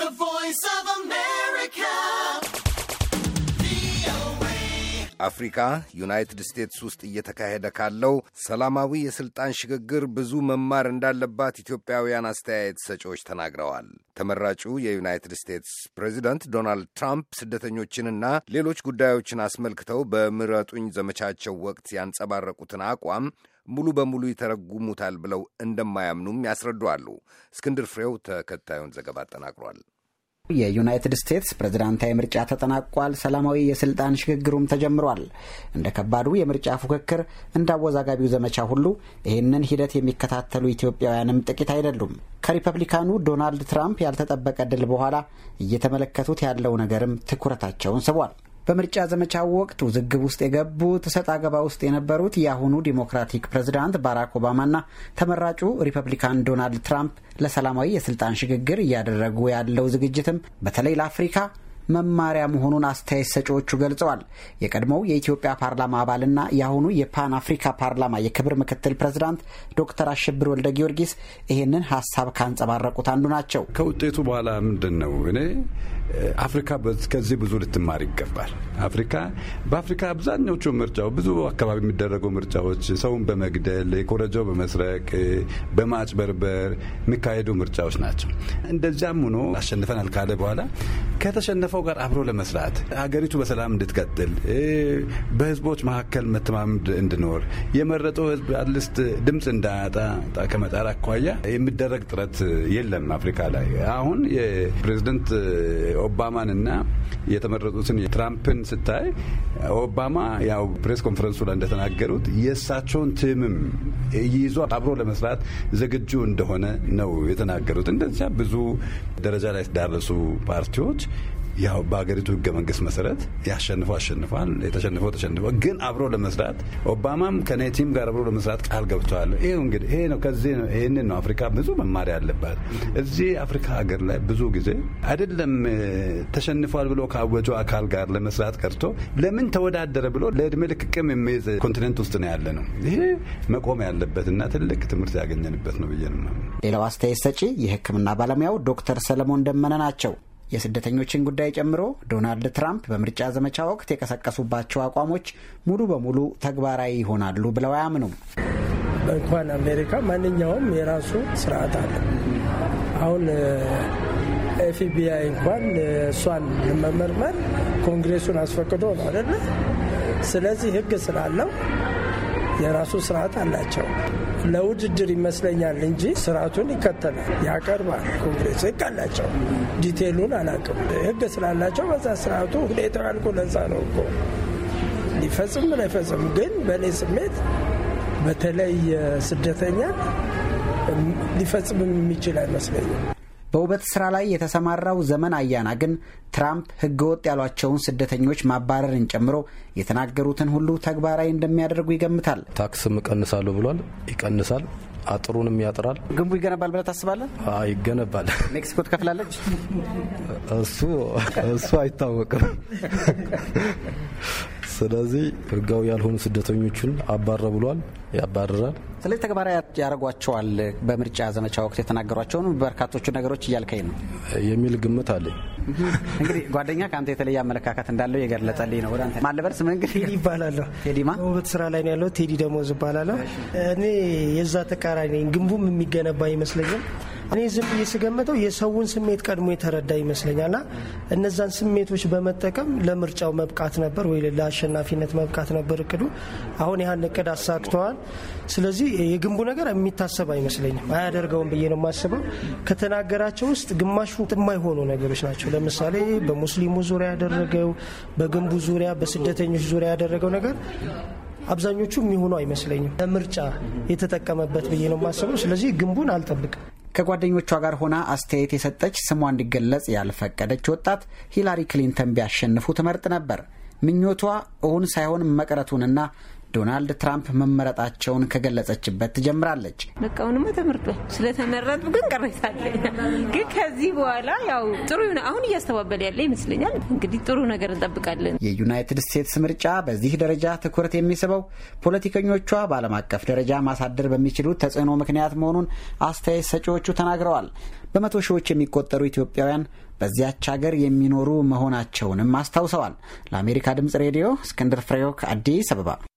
The Voice of America. አፍሪካ ዩናይትድ ስቴትስ ውስጥ እየተካሄደ ካለው ሰላማዊ የሥልጣን ሽግግር ብዙ መማር እንዳለባት ኢትዮጵያውያን አስተያየት ሰጪዎች ተናግረዋል። ተመራጩ የዩናይትድ ስቴትስ ፕሬዚደንት ዶናልድ ትራምፕ ስደተኞችንና ሌሎች ጉዳዮችን አስመልክተው በምረጡኝ ዘመቻቸው ወቅት ያንጸባረቁትን አቋም ሙሉ በሙሉ ይተረጉሙታል ብለው እንደማያምኑም ያስረዷሉ። እስክንድር ፍሬው ተከታዩን ዘገባ አጠናቅሯል። የዩናይትድ ስቴትስ ፕሬዝዳንታዊ ምርጫ ተጠናቋል። ሰላማዊ የስልጣን ሽግግሩም ተጀምሯል። እንደ ከባዱ የምርጫ ፉክክር፣ እንደ አወዛጋቢው ዘመቻ ሁሉ ይህንን ሂደት የሚከታተሉ ኢትዮጵያውያንም ጥቂት አይደሉም። ከሪፐብሊካኑ ዶናልድ ትራምፕ ያልተጠበቀ ድል በኋላ እየተመለከቱት ያለው ነገርም ትኩረታቸውን ስቧል። በምርጫ ዘመቻው ወቅት ውዝግብ ውስጥ የገቡት እሰጥ አገባ ውስጥ የነበሩት የአሁኑ ዲሞክራቲክ ፕሬዝዳንት ባራክ ኦባማና ተመራጩ ሪፐብሊካን ዶናልድ ትራምፕ ለሰላማዊ የስልጣን ሽግግር እያደረጉ ያለው ዝግጅትም በተለይ ለአፍሪካ መማሪያ መሆኑን አስተያየት ሰጪዎቹ ገልጸዋል። የቀድሞው የኢትዮጵያ ፓርላማ አባልና የአሁኑ የፓን አፍሪካ ፓርላማ የክብር ምክትል ፕሬዝዳንት ዶክተር አሸብር ወልደ ጊዮርጊስ ይህንን ሀሳብ ካንጸባረቁት አንዱ ናቸው። ከውጤቱ በኋላ ምንድን ነው እኔ አፍሪካ ከዚህ ብዙ ልትማር ይገባል። አፍሪካ በአፍሪካ አብዛኛዎቹ ምርጫው ብዙ አካባቢ የሚደረጉ ምርጫዎች ሰውን በመግደል የኮረጃው በመስረቅ በማጭበርበር የሚካሄዱ ምርጫዎች ናቸው። እንደዚያም ሆኖ አሸንፈናል ካለ በኋላ ከተሸነፈው ጋር አብሮ ለመስራት ሀገሪቱ በሰላም እንድትቀጥል በህዝቦች መካከል መተማመድ እንዲኖር የመረጠው ህዝብ አትሊስት ድምፅ እንዳያጣ ከመጣር አኳያ የሚደረግ ጥረት የለም አፍሪካ ላይ አሁን የፕሬዚደንት ኦባማንና የተመረጡትን ትራምፕን ስታይ ኦባማ ያው ፕሬስ ኮንፈረንሱ ላይ እንደተናገሩት የእሳቸውን ትምም ይዞ አብሮ ለመስራት ዝግጁ እንደሆነ ነው የተናገሩት። እንደዚያ ብዙ ደረጃ ላይ ዳረሱ ፓርቲዎች ያው በሀገሪቱ ህገ መንግስት መሰረት ያሸንፈው አሸንፏል፣ የተሸንፈው ተሸንፎ፣ ግን አብሮ ለመስራት ኦባማም ከኔቲም ጋር አብሮ ለመስራት ቃል ገብተዋል። ይህ እንግዲህ ይሄ ነው። ከዚህ ነው ይህንን ነው አፍሪካ ብዙ መማሪያ አለባት። እዚህ አፍሪካ ሀገር ላይ ብዙ ጊዜ አይደለም ተሸንፏል ብሎ ካወጀው አካል ጋር ለመስራት ቀርቶ ለምን ተወዳደረ ብሎ ለእድሜ ልክቅም የሚይዝ ኮንቲኔንት ውስጥ ነው ያለ ነው። ይሄ መቆም ያለበትና ትልቅ ትምህርት ያገኘንበት ነው ብዬ ነው። ሌላው አስተያየት ሰጪ የህክምና ባለሙያው ዶክተር ሰለሞን ደመነ ናቸው። የስደተኞችን ጉዳይ ጨምሮ ዶናልድ ትራምፕ በምርጫ ዘመቻ ወቅት የቀሰቀሱባቸው አቋሞች ሙሉ በሙሉ ተግባራዊ ይሆናሉ ብለው አያምኑም። እንኳን አሜሪካ ማንኛውም የራሱ ስርዓት አለ። አሁን ኤፍቢአይ እንኳን እሷን ለመመርመር ኮንግሬሱን አስፈቅዶ ነው አይደለ? ስለዚህ ህግ ስላለው የራሱ ስርዓት አላቸው። ለውድድር ይመስለኛል እንጂ ስርዓቱን ይከተላል፣ ያቀርባል። ኮንግሬስ ህግ አላቸው። ዲቴሉን አላቅም። ህግ ስላላቸው በዛ ስርዓቱ ሁኔታው ያልኩ ለዛ ነው እኮ ሊፈጽም ላይፈጽም ግን በእኔ ስሜት በተለይ ስደተኛ ሊፈጽም የሚችል አይመስለኝም። በውበት ስራ ላይ የተሰማራው ዘመን አያና ግን ትራምፕ ህገወጥ ያሏቸውን ስደተኞች ማባረርን ጨምሮ የተናገሩትን ሁሉ ተግባራዊ እንደሚያደርጉ ይገምታል። ታክስም እቀንሳለሁ ብሏል፣ ይቀንሳል። አጥሩንም ያጥራል። ግንቡ ይገነባል ብለህ ታስባለህ? ይገነባል። ሜክሲኮ ትከፍላለች። እሱ እሱ አይታወቅም። ስለዚህ ህጋዊ ያልሆኑ ስደተኞቹን አባረ ብሏል፣ ያባረራል። ስለዚህ ተግባራዊ ያደርጓቸዋል። በምርጫ ዘመቻ ወቅት የተናገሯቸውን በርካቶቹ ነገሮች እያልከኝ ነው የሚል ግምት አለኝ። እንግዲህ ጓደኛ ከአንተ የተለየ አመለካከት እንዳለው የገለጸልኝ ነው። ወደ ማለበርስ ምን ቴዲ ይባላለሁ። ቴዲማ ውበት ስራ ላይ ነው ያለው። ቴዲ ደሞዝ ይባላለሁ። እኔ የዛ ተቃራኒ ግንቡም የሚገነባ ይመስለኛል እኔ ዝም ብዬ ስገምተው የሰውን ስሜት ቀድሞ የተረዳ ይመስለኛልና እነዛን ስሜቶች በመጠቀም ለምርጫው መብቃት ነበር ወይ ለአሸናፊነት መብቃት ነበር እቅዱ። አሁን ያህን እቅድ አሳክተዋል። ስለዚህ የግንቡ ነገር የሚታሰብ አይመስለኝም፣ አያደርገውም ብዬ ነው የማስበው። ከተናገራቸው ውስጥ ግማሹ የማይሆኑ ነገሮች ናቸው። ለምሳሌ በሙስሊሙ ዙሪያ ያደረገው፣ በግንቡ ዙሪያ፣ በስደተኞች ዙሪያ ያደረገው ነገር አብዛኞቹ የሚሆኑ አይመስለኝም። ለምርጫ የተጠቀመበት ብዬ ነው የማስበው። ስለዚህ ግንቡን አልጠብቅም። ከጓደኞቿ ጋር ሆና አስተያየት የሰጠች ስሟ እንዲገለጽ ያልፈቀደች ወጣት ሂላሪ ክሊንተን ቢያሸንፉ ትመርጥ ነበር። ምኞቷ እሁን ሳይሆን መቅረቱንና ዶናልድ ትራምፕ መመረጣቸውን ከገለጸችበት ትጀምራለች። በቃ አሁንማ ተመርጧል። ግን ቅሬታ ግን ከዚህ በኋላ ያው ጥሩ ይሁን አሁን እያስተባበል ያለ ይመስለኛል። እንግዲህ ጥሩ ነገር እንጠብቃለን። የዩናይትድ ስቴትስ ምርጫ በዚህ ደረጃ ትኩረት የሚስበው ፖለቲከኞቿ በዓለም አቀፍ ደረጃ ማሳደር በሚችሉት ተጽዕኖ ምክንያት መሆኑን አስተያየት ሰጪዎቹ ተናግረዋል። በመቶ ሺዎች የሚቆጠሩ ኢትዮጵያውያን በዚያች ሀገር የሚኖሩ መሆናቸውንም አስታውሰዋል። ለአሜሪካ ድምጽ ሬዲዮ እስክንድር ፍሬው ከአዲስ አበባ